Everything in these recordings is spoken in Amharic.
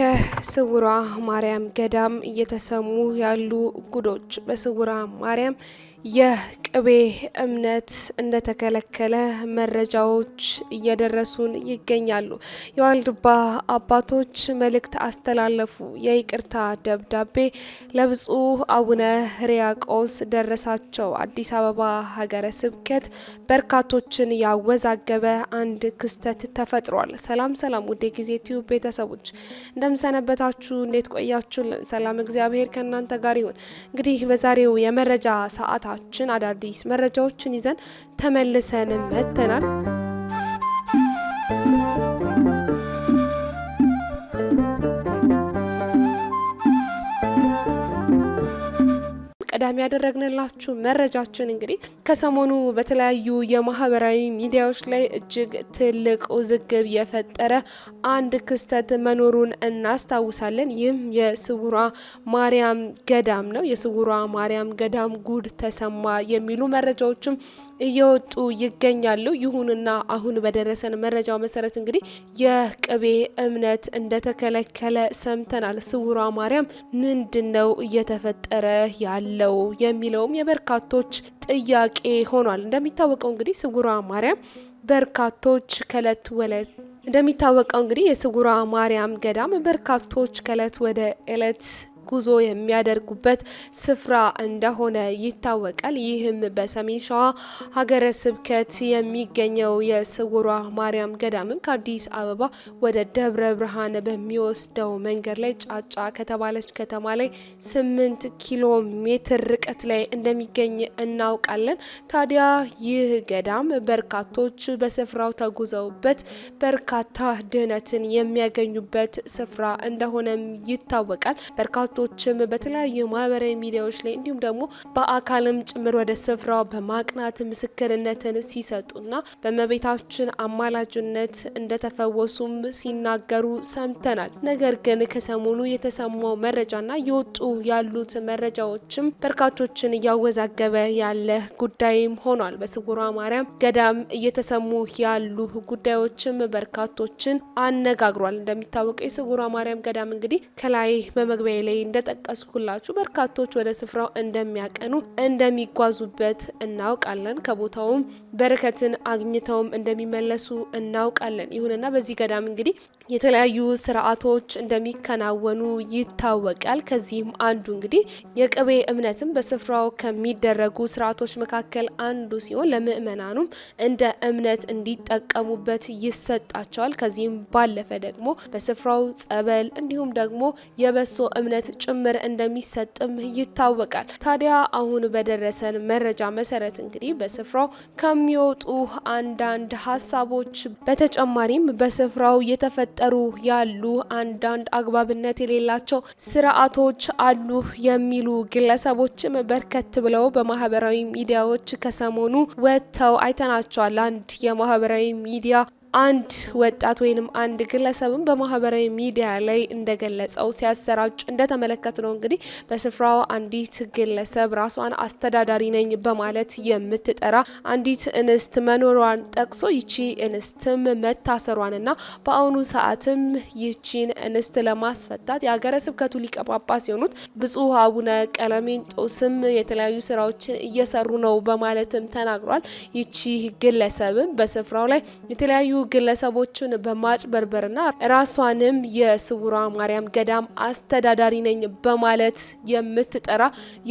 ከስውሯ ማርያም ገዳም እየተሰሙ ያሉ ጉዶች በስውሯ ማርያም የቅቤ እምነት እንደተከለከለ መረጃዎች እየደረሱን ይገኛሉ። የዋልድባ አባቶች መልእክት አስተላለፉ። የይቅርታ ደብዳቤ ለብፁዕ አቡነ ሕርያቆስ ደረሳቸው። አዲስ አበባ ሀገረ ስብከት በርካቶችን ያወዛገበ አንድ ክስተት ተፈጥሯል። ሰላም ሰላም፣ ውዴ ጊዜ ቲዩብ ቤተሰቦች እንደምሰነበታችሁ፣ እንዴት ቆያችሁልን? ሰላም እግዚአብሔር ከእናንተ ጋር ይሁን። እንግዲህ በዛሬው የመረጃ ሰዓት ቆይታችን አዳዲስ መረጃዎችን ይዘን ተመልሰን መጥተናል። ቀዳሚ ያደረግንላችሁ መረጃችን እንግዲህ ከሰሞኑ በተለያዩ የማህበራዊ ሚዲያዎች ላይ እጅግ ትልቅ ውዝግብ የፈጠረ አንድ ክስተት መኖሩን እናስታውሳለን። ይህም የስውሯ ማርያም ገዳም ነው። የስውሯ ማርያም ገዳም ጉድ ተሰማ የሚሉ መረጃዎችም እየወጡ ይገኛሉ። ይሁንና አሁን በደረሰን መረጃው መሰረት እንግዲህ የቅቤ እምነት እንደተከለከለ ሰምተናል። ስውሯ ማርያም ምንድን ነው እየተፈጠረ ያለው የሚለውም የበርካቶች ጥያቄ ሆኗል። እንደሚታወቀው እንግዲህ ስውሯ ማርያም በርካቶች ከእለት ወለት እንደሚታወቀው እንግዲህ የስውሯ ማርያም ገዳም በርካቶች ከእለት ወደ እለት ጉዞ የሚያደርጉበት ስፍራ እንደሆነ ይታወቃል። ይህም በሰሜን ሸዋ ሀገረ ስብከት የሚገኘው የስውሯ ማርያም ገዳምም ከአዲስ አበባ ወደ ደብረ ብርሃን በሚወስደው መንገድ ላይ ጫጫ ከተባለች ከተማ ላይ ስምንት ኪሎ ሜትር ርቀት ላይ እንደሚገኝ እናውቃለን። ታዲያ ይህ ገዳም በርካቶች በስፍራው ተጉዘውበት በርካታ ድህነትን የሚያገኙበት ስፍራ እንደሆነም ይታወቃል። በርካቶ ወጣቶችም በተለያዩ ማህበራዊ ሚዲያዎች ላይ እንዲሁም ደግሞ በአካልም ጭምር ወደ ስፍራው በማቅናት ምስክርነትን ሲሰጡና በመቤታችን አማላጅነት እንደተፈወሱም ሲናገሩ ሰምተናል። ነገር ግን ከሰሞኑ የተሰማው መረጃና እየወጡ ያሉት መረጃዎችም በርካቶችን እያወዛገበ ያለ ጉዳይም ሆኗል። በስውሯ ማርያም ገዳም እየተሰሙ ያሉ ጉዳዮችም በርካቶችን አነጋግሯል። እንደሚታወቀው የስውሯ ማርያም ገዳም እንግዲህ ከላይ በመግቢያ ላይ እንደጠቀስኩላችሁ በርካቶች ወደ ስፍራው እንደሚያቀኑ እንደሚጓዙበት እናውቃለን። ከቦታውም በረከትን አግኝተውም እንደሚመለሱ እናውቃለን። ይሁንና በዚህ ገዳም እንግዲህ የተለያዩ ስርዓቶች እንደሚከናወኑ ይታወቃል። ከዚህም አንዱ እንግዲህ የቅቤ እምነትም በስፍራው ከሚደረጉ ስርዓቶች መካከል አንዱ ሲሆን ለምእመናኑም እንደ እምነት እንዲጠቀሙበት ይሰጣቸዋል። ከዚህም ባለፈ ደግሞ በስፍራው ጸበል እንዲሁም ደግሞ የበሶ እምነት ጭምር እንደሚሰጥም ይታወቃል። ታዲያ አሁን በደረሰን መረጃ መሰረት እንግዲህ በስፍራው ከሚወጡ አንዳንድ ሀሳቦች በተጨማሪም በስፍራው የተፈጠሩ ያሉ አንዳንድ አግባብነት የሌላቸው ስርዓቶች አሉ የሚሉ ግለሰቦችም በርከት ብለው በማህበራዊ ሚዲያዎች ከሰሞኑ ወጥተው አይተናቸዋል። አንድ የማህበራዊ ሚዲያ አንድ ወጣት ወይንም አንድ ግለሰብም በማህበራዊ ሚዲያ ላይ እንደገለጸው ሲያሰራጭ እንደተመለከት ነው። እንግዲህ በስፍራው አንዲት ግለሰብ ራሷን አስተዳዳሪ ነኝ በማለት የምትጠራ አንዲት እንስት መኖሯን ጠቅሶ ይቺ እንስትም መታሰሯንና በአሁኑ ሰዓትም ይቺን እንስት ለማስፈታት የሀገረ ስብከቱ ሊቀ ጳጳስ የሆኑት ብፁዕ አቡነ ቀለሜንጦስም የተለያዩ ስራዎችን እየሰሩ ነው በማለትም ተናግሯል። ይቺ ግለሰብም በስፍራው ላይ የተለያዩ ግለሰቦችን በማጭበርበርና ራሷንም የስውሯ ማርያም ገዳም አስተዳዳሪ ነኝ በማለት የምትጠራ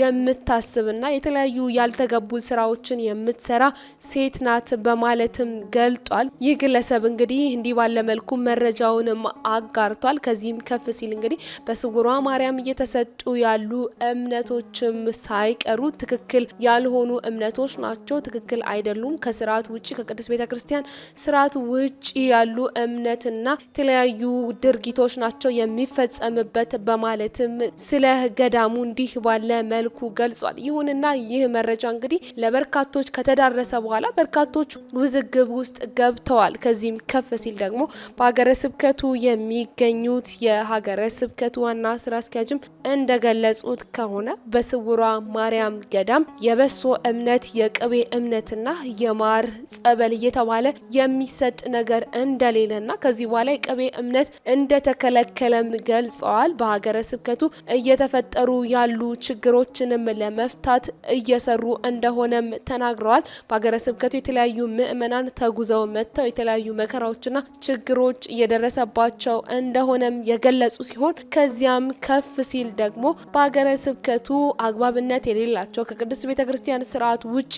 የምታስብና የተለያዩ ያልተገቡ ስራዎችን የምትሰራ ሴት ናት በማለትም ገልጧል። ይህ ግለሰብ እንግዲህ እንዲህ ባለ መልኩ መረጃውንም አጋርቷል። ከዚህም ከፍ ሲል እንግዲህ በስውሯ ማርያም እየተሰጡ ያሉ እምነቶችም ሳይቀሩ ትክክል ያልሆኑ እምነቶች ናቸው፣ ትክክል አይደሉም፣ ከስርዓት ውጭ ከቅዱስ ቤተክርስቲያን ስርዓት ውጭ ያሉ እምነትና የተለያዩ ድርጊቶች ናቸው የሚፈጸምበት በማለትም ስለ ገዳሙ እንዲህ ባለ መልኩ ገልጿል። ይሁንና ይህ መረጃ እንግዲህ ለበርካቶች ከተዳረሰ በኋላ በርካቶች ውዝግብ ውስጥ ገብተዋል። ከዚህም ከፍ ሲል ደግሞ በሀገረ ስብከቱ የሚገኙት የሀገረ ስብከቱ ዋና ስራ አስኪያጅም እንደገለጹት ከሆነ በስውሯ ማርያም ገዳም የበሶ እምነት የቅቤ እምነትና የማር ጸበል እየተባለ የሚሰጥ ነገር እንደሌለና ከዚህ በኋላ የቅቤ እምነት እንደተከለከለም ገልጸዋል። በሀገረ ስብከቱ እየተፈጠሩ ያሉ ችግሮችንም ለመፍታት እየሰሩ እንደሆነም ተናግረዋል። በሀገረ ስብከቱ የተለያዩ ምእመናን ተጉዘው መጥተው የተለያዩ መከራዎችና ችግሮች እየደረሰባቸው እንደሆነም የገለጹ ሲሆን ከዚያም ከፍ ሲል ደግሞ በሀገረ ስብከቱ አግባብነት የሌላቸው ከቅድስት ቤተ ክርስቲያን ስርዓት ውጪ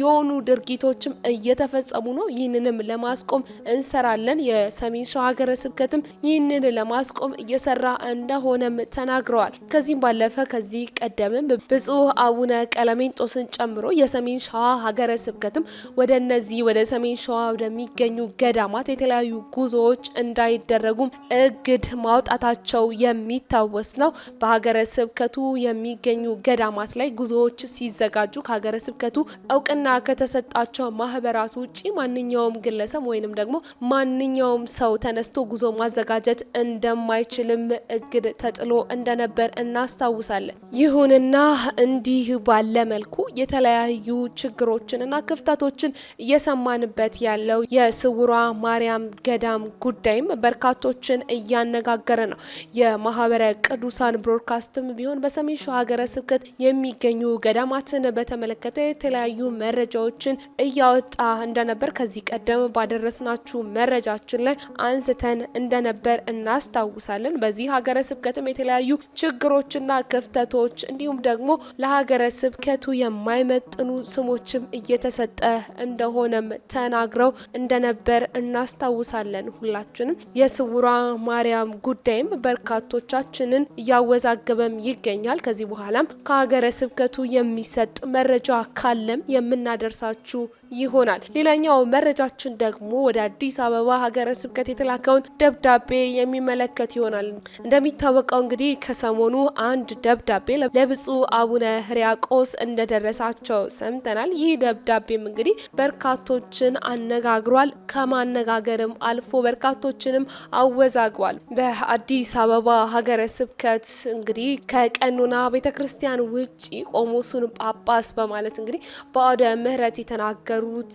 የሆኑ ድርጊቶችም እየተፈጸሙ ነው። ይህንንም ለማስቆም እንሰራለን። የሰሜን ሸዋ ሀገረ ስብከትም ይህንን ለማስቆም እየሰራ እንደሆነም ተናግረዋል። ከዚህም ባለፈ ከዚህ ቀደምም ብፁዕ አቡነ ቀለሜንጦስን ጨምሮ የሰሜን ሸዋ ሀገረ ስብከትም ወደ እነዚህ ወደ ሰሜን ሸዋ ወደሚገኙ ገዳማት የተለያዩ ጉዞዎች እንዳይደረጉም እግድ ማውጣታቸው የሚታወስ ነው። በሀገረ ስብከቱ የሚገኙ ገዳማት ላይ ጉዞዎች ሲዘጋጁ ከሀገረ ስብከቱ እውቅና ከተሰጣቸው ማህበራት ውጭ ማንኛውም ግለሰብ ወይንም ደግሞ ማንኛውም ሰው ተነስቶ ጉዞ ማዘጋጀት እንደማይችልም እግድ ተጥሎ እንደነበር እናስታውሳለን። ይሁንና እንዲህ ባለ መልኩ የተለያዩ ችግሮችንና ክፍተቶችን እየሰማንበት ያለው የስውሯ ማርያም ገዳም ጉዳይም በርካቶችን እያነጋገረ ነው። የማህበረ ቅዱሳን ብሮድካስትም ቢሆን በሰሜን ሸዋ ሀገረ ስብከት የሚገኙ ገዳማትን በተመለከተ የተለያዩ መረጃዎችን እያወጣ እንደነበር ከዚህ ቀደም ባደረስና ናችሁ መረጃችን ላይ አንስተን እንደነበር እናስታውሳለን። በዚህ ሀገረ ስብከትም የተለያዩ ችግሮችና ክፍተቶች እንዲሁም ደግሞ ለሀገረ ስብከቱ የማይመጥኑ ስሞችም እየተሰጠ እንደሆነም ተናግረው እንደነበር እናስታውሳለን። ሁላችንም የስውሯ ማርያም ጉዳይም በርካቶቻችንን እያወዛገበም ይገኛል። ከዚህ በኋላም ከሀገረ ስብከቱ የሚሰጥ መረጃ ካለም የምናደርሳችሁ ይሆናል። ሌላኛው መረጃችን ደግሞ ወደ አዲስ አበባ ሀገረ ስብከት የተላከውን ደብዳቤ የሚመለከት ይሆናል። እንደሚታወቀው እንግዲህ ከሰሞኑ አንድ ደብዳቤ ለብፁዕ አቡነ ህርያቆስ እንደደረሳቸው ሰምተናል። ይህ ደብዳቤም እንግዲህ በርካቶችን አነጋግሯል። ከማነጋገርም አልፎ በርካቶችንም አወዛግቧል። በአዲስ አበባ ሀገረ ስብከት እንግዲህ ከቀኑና ቤተ ክርስቲያን ውጪ ቆሞሱን ጳጳስ በማለት እንግዲህ በአውደ ምሕረት የተናገሩ የነበሩት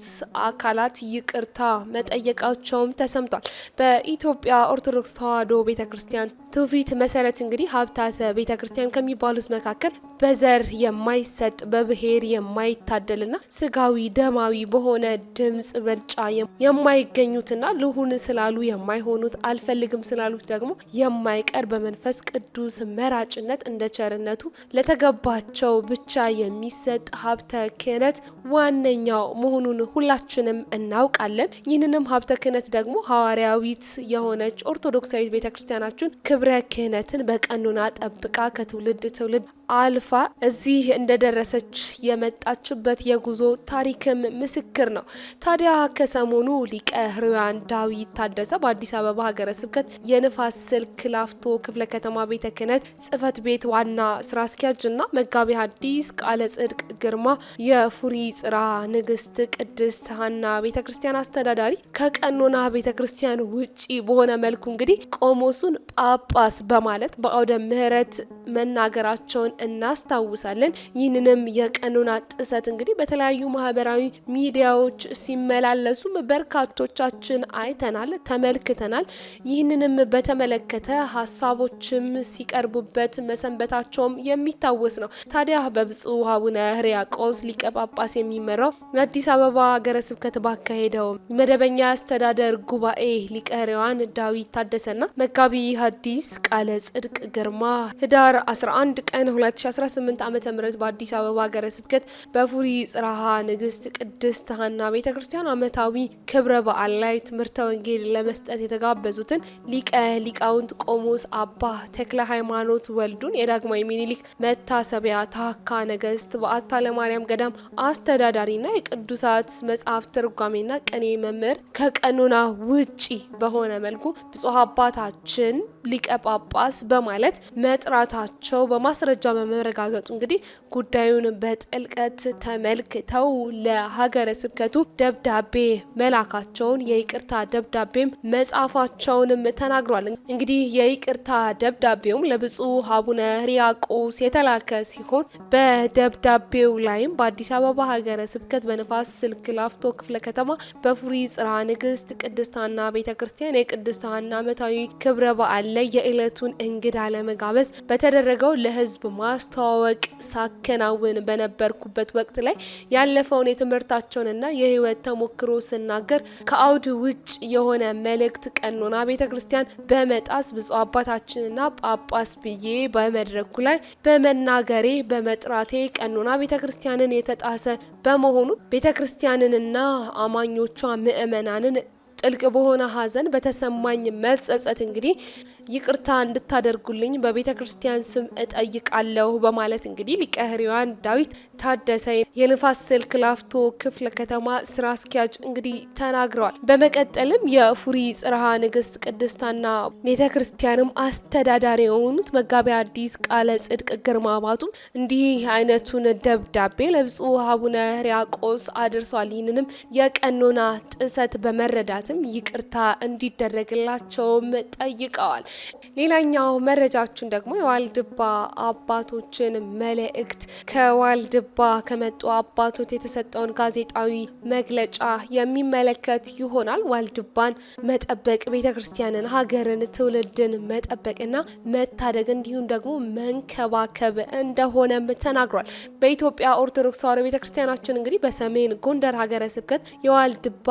አካላት ይቅርታ መጠየቃቸውም ተሰምቷል። በኢትዮጵያ ኦርቶዶክስ ተዋሕዶ ቤተ ክርስቲያን ትውፊት መሰረት እንግዲህ ሀብታተ ቤተ ክርስቲያን ከሚባሉት መካከል በዘር የማይሰጥ በብሔር የማይታደልና ስጋዊ ደማዊ በሆነ ድምፅ ብልጫ የማይገኙትና ልሁን ስላሉ የማይሆኑት አልፈልግም ስላሉት ደግሞ የማይቀር በመንፈስ ቅዱስ መራጭነት እንደ ቸርነቱ ለተገባቸው ብቻ የሚሰጥ ሀብተ ክህነት ዋነኛው መሆኑን ሁላችንም እናውቃለን። ይህንንም ሀብተ ክህነት ደግሞ ሐዋርያዊት የሆነች ኦርቶዶክሳዊት ቤተክርስቲያናችን ክብር ህብረ ክህነትን በቀኑና ጠብቃ ከትውልድ ትውልድ አልፋ እዚህ እንደደረሰች የመጣችበት የጉዞ ታሪክም ምስክር ነው። ታዲያ ከሰሞኑ ሊቀ ሕሩያን ዳዊት ታደሰ በአዲስ አበባ ሀገረ ስብከት የንፋስ ስልክ ላፍቶ ክፍለ ከተማ ቤተ ክህነት ጽሕፈት ቤት ዋና ስራ አስኪያጅና መጋቢ ሐዲስ ቃለ ጽድቅ ግርማ የፉሪ ጽራ ንግስት ቅድስት ሐና ቤተ ክርስቲያን አስተዳዳሪ ከቀኖና ቤተ ክርስቲያን ውጪ በሆነ መልኩ እንግዲህ ቆሞሱን ጳጳስ በማለት በአውደ ምሕረት መናገራቸውን እናስታውሳለን። ይህንንም የቀኖና ጥሰት እንግዲህ በተለያዩ ማህበራዊ ሚዲያዎች ሲመላለሱም በርካቶቻችን አይተናል፣ ተመልክተናል። ይህንንም በተመለከተ ሀሳቦችም ሲቀርቡበት መሰንበታቸውም የሚታወስ ነው። ታዲያ በብፁዕ አቡነ ሕርያቆስ ሊቀ ጳጳስ የሚመራው አዲስ አበባ ሀገረ ስብከት ባካሄደው መደበኛ አስተዳደር ጉባኤ ሊቀ ሕርያን ዳዊት ታደሰና መጋቢ ሐዲስ ቃለ ጽድቅ ግርማ ህዳር 11 ቀን 2018 ዓ ም በአዲስ አበባ ሀገረ ስብከት በፉሪ ጽረሃ ንግስት ቅድስት ሐና ቤተ ክርስቲያን ዓመታዊ ክብረ በዓል ላይ ትምህርተ ወንጌል ለመስጠት የተጋበዙትን ሊቀ ሊቃውንት ቆሞስ አባ ተክለ ሃይማኖት ወልዱን የዳግማዊ ሚኒሊክ መታሰቢያ ታካ ነገስት በአታ ለማርያም ገዳም አስተዳዳሪና የቅዱሳት መጽሐፍ ትርጓሜና ቅኔ መምህር ከቀኖና ውጪ በሆነ መልኩ ብፁዕ አባታችን ሊቀ ጳጳስ በማለት መጥራታቸው በማስረጃ በመረጋገጡ እንግዲህ ጉዳዩን በጥልቀት ተመልክተው ለሀገረ ስብከቱ ደብዳቤ መላካቸውን የይቅርታ ደብዳቤም መጻፋቸውንም ተናግሯል። እንግዲህ የይቅርታ ደብዳቤውም ለብፁዕ አቡነ ሕርያቆስ የተላከ ሲሆን በደብዳቤው ላይም በአዲስ አበባ ሀገረ ስብከት በንፋስ ስልክ ላፍቶ ክፍለ ከተማ በፉሪ ጽራ ንግስት ቅድስት ሐና ቤተ ክርስቲያን የቅድስት ሐና ዓመታዊ ክብረ በዓል ላይ የዕለቱን እንግዳ ለመጋበዝ በተደረገው ማ ማስተዋወቅ ሳከናውን በነበርኩበት ወቅት ላይ ያለፈውን የትምህርታቸውንና የህይወት ተሞክሮ ስናገር ከአውድ ውጭ የሆነ መልእክት ቀኖና ቤተ ክርስቲያን በመጣስ ብፁዕ አባታችንና ጳጳስ ብዬ በመድረኩ ላይ በመናገሬ በመጥራቴ ቀኖና ቤተ ክርስቲያንን የተጣሰ በመሆኑ ቤተ ክርስቲያንንና አማኞቿ ምእመናንን ጥልቅ በሆነ ሐዘን በተሰማኝ መጸጸት እንግዲህ ይቅርታ እንድታደርጉልኝ በቤተ ክርስቲያን ስም እጠይቃለሁ በማለት እንግዲህ ሊቀ ሕሩያን ዳዊት ታደሰ የንፋስ ስልክ ላፍቶ ክፍለ ከተማ ስራ አስኪያጅ እንግዲህ ተናግረዋል። በመቀጠልም የፉሪ ጽርሃ ንግስት ቅድስታና ቤተ ክርስቲያንም አስተዳዳሪ የሆኑት መጋቢ አዲስ ቃለ ጽድቅ ግርማ ማቱም እንዲህ አይነቱን ደብዳቤ ለብፁዕ አቡነ ሕርያቆስ አድርሷል። ይህንንም የቀኖና ጥሰት በመረዳትም ማለትም ይቅርታ እንዲደረግላቸውም ጠይቀዋል። ሌላኛው መረጃችን ደግሞ የዋልድባ አባቶችን መልእክት ከዋልድባ ከመጡ አባቶች የተሰጠውን ጋዜጣዊ መግለጫ የሚመለከት ይሆናል። ዋልድባን መጠበቅ ቤተ ክርስቲያንን፣ ሀገርን፣ ትውልድን መጠበቅና መታደግ እንዲሁም ደግሞ መንከባከብ እንደሆነም ተናግሯል። በኢትዮጵያ ኦርቶዶክስ ተዋሕዶ ቤተ ክርስቲያናችን እንግዲህ በሰሜን ጎንደር ሀገረ ስብከት የዋልድባ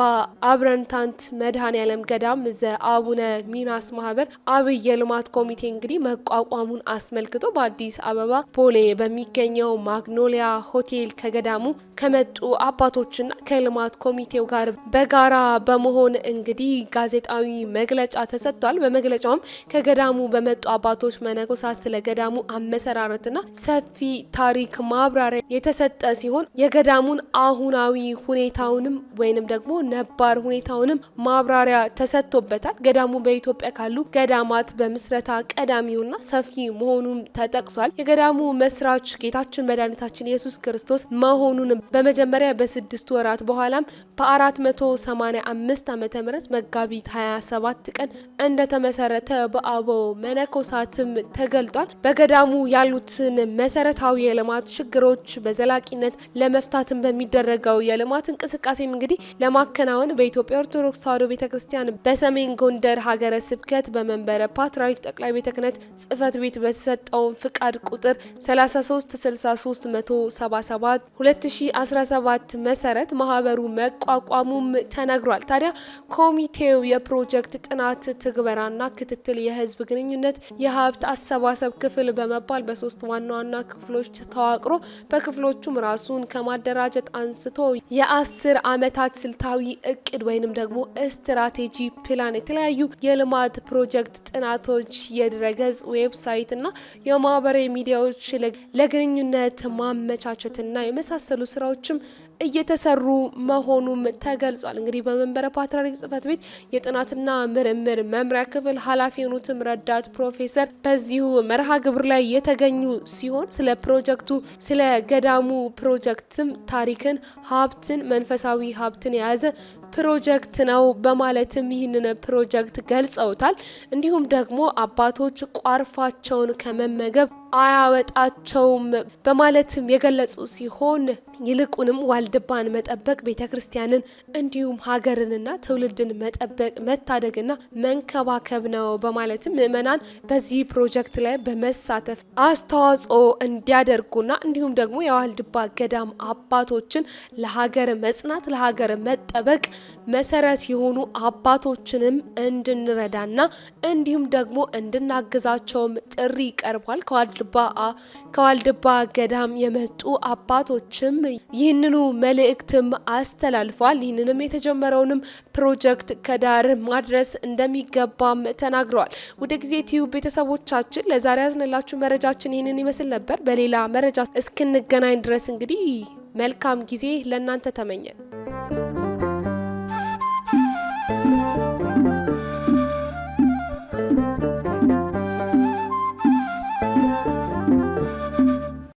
አብረንታንት መድኃኔዓለም ገዳም ዘ አቡነ ሚናስ ማህበር አብይ የልማት ኮሚቴ እንግዲህ መቋቋሙን አስመልክቶ በአዲስ አበባ ፖሌ በሚገኘው ማግኖሊያ ሆቴል ከገዳሙ ከመጡ አባቶችና ከልማት ኮሚቴው ጋር በጋራ በመሆን እንግዲህ ጋዜጣዊ መግለጫ ተሰጥቷል። በመግለጫውም ከገዳሙ በመጡ አባቶች መነኮሳት ስለ ገዳሙ አመሰራረትና ሰፊ ታሪክ ማብራሪያ የተሰጠ ሲሆን የገዳሙን አሁናዊ ሁኔታውንም ወይንም ደግሞ ነባር ሁኔታውንም ማብራሪያ ተሰጥቶበታል። ገዳሙ በኢትዮጵያ ካሉ ገዳማት በምስረታ ቀዳሚውና ሰፊ መሆኑን ተጠቅሷል። የገዳሙ መስራች ጌታችን መድኃኒታችን ኢየሱስ ክርስቶስ መሆኑን በመጀመሪያ በስድስት ወራት በኋላም በ485 ዓ ም መጋቢት 27 ቀን እንደተመሰረተ በአበው መነኮሳትም ተገልጧል። በገዳሙ ያሉትን መሰረታዊ የልማት ችግሮች በዘላቂነት ለመፍታትም በሚደረገው የልማት እንቅስቃሴም እንግዲህ ለማከናወን በኢትዮጵያ ኦርቶዶክስ ተዋሕዶ ቤተ ክርስቲያን በሰሜን ጎንደር ሀገረ ስብከት በመንበረ ፓትርያርክ ጠቅላይ ቤተ ክህነት ጽሕፈት ቤት በተሰጠውን ፍቃድ ቁጥር 336377 2017 መሰረት ማህበሩ መቋቋሙም ተነግሯል። ታዲያ ኮሚቴው የፕሮጀክት ጥናት ትግበራና ክትትል፣ የህዝብ ግንኙነት፣ የሀብት አሰባሰብ ክፍል በመባል በሶስት ዋና ዋና ክፍሎች ተዋቅሮ በክፍሎቹም ራሱን ከማደራጀት አንስቶ የአስር ዓመታት ስልታዊ እቅድ ወይንም ደግሞ ስትራቴጂ ፕላን፣ የተለያዩ የልማት ፕሮጀክት ጥናቶች፣ የድረገጽ ዌብሳይት እና የማህበራዊ ሚዲያዎች ለግንኙነት ማመቻቸትና የመሳሰሉ ስራዎችም እየተሰሩ መሆኑም ተገልጿል። እንግዲህ በመንበረ ፓትርያርክ ጽሕፈት ቤት የጥናትና ምርምር መምሪያ ክፍል ኃላፊ የሆኑትም ረዳት ፕሮፌሰር በዚሁ መርሃ ግብር ላይ የተገኙ ሲሆን ስለ ፕሮጀክቱ ስለ ገዳሙ ፕሮጀክትም ታሪክን፣ ሀብትን፣ መንፈሳዊ ሀብትን የያዘ ፕሮጀክት ነው በማለትም ይህንን ፕሮጀክት ገልጸውታል። እንዲሁም ደግሞ አባቶች ቋርፋቸውን ከመመገብ አያወጣቸውም በማለትም የገለጹ ሲሆን ይልቁንም ዋልድባን መጠበቅ ቤተ ክርስቲያንን እንዲሁም ሀገርንና ትውልድን መጠበቅ መታደግና መንከባከብ ነው በማለትም ምእመናን በዚህ ፕሮጀክት ላይ በመሳተፍ አስተዋጽኦ እንዲያደርጉና እንዲሁም ደግሞ የዋልድባ ገዳም አባቶችን ለሀገር መጽናት ለሀገር መጠበቅ መሰረት የሆኑ አባቶችንም እንድንረዳና እንዲሁም ደግሞ እንድናግዛቸውም ጥሪ ይቀርቧል። ከዋልድባ ገዳም የመጡ አባቶችም ይህንኑ መልእክትም አስተላልፏል። ይህንንም የተጀመረውንም ፕሮጀክት ከዳር ማድረስ እንደሚገባም ተናግረዋል። ወደ ጊዜ ቲዩብ ቤተሰቦቻችን ለዛሬ ያዝንላችሁ መረጃችን ይህንን ይመስል ነበር። በሌላ መረጃ እስክንገናኝ ድረስ እንግዲህ መልካም ጊዜ ለእናንተ ተመኘን።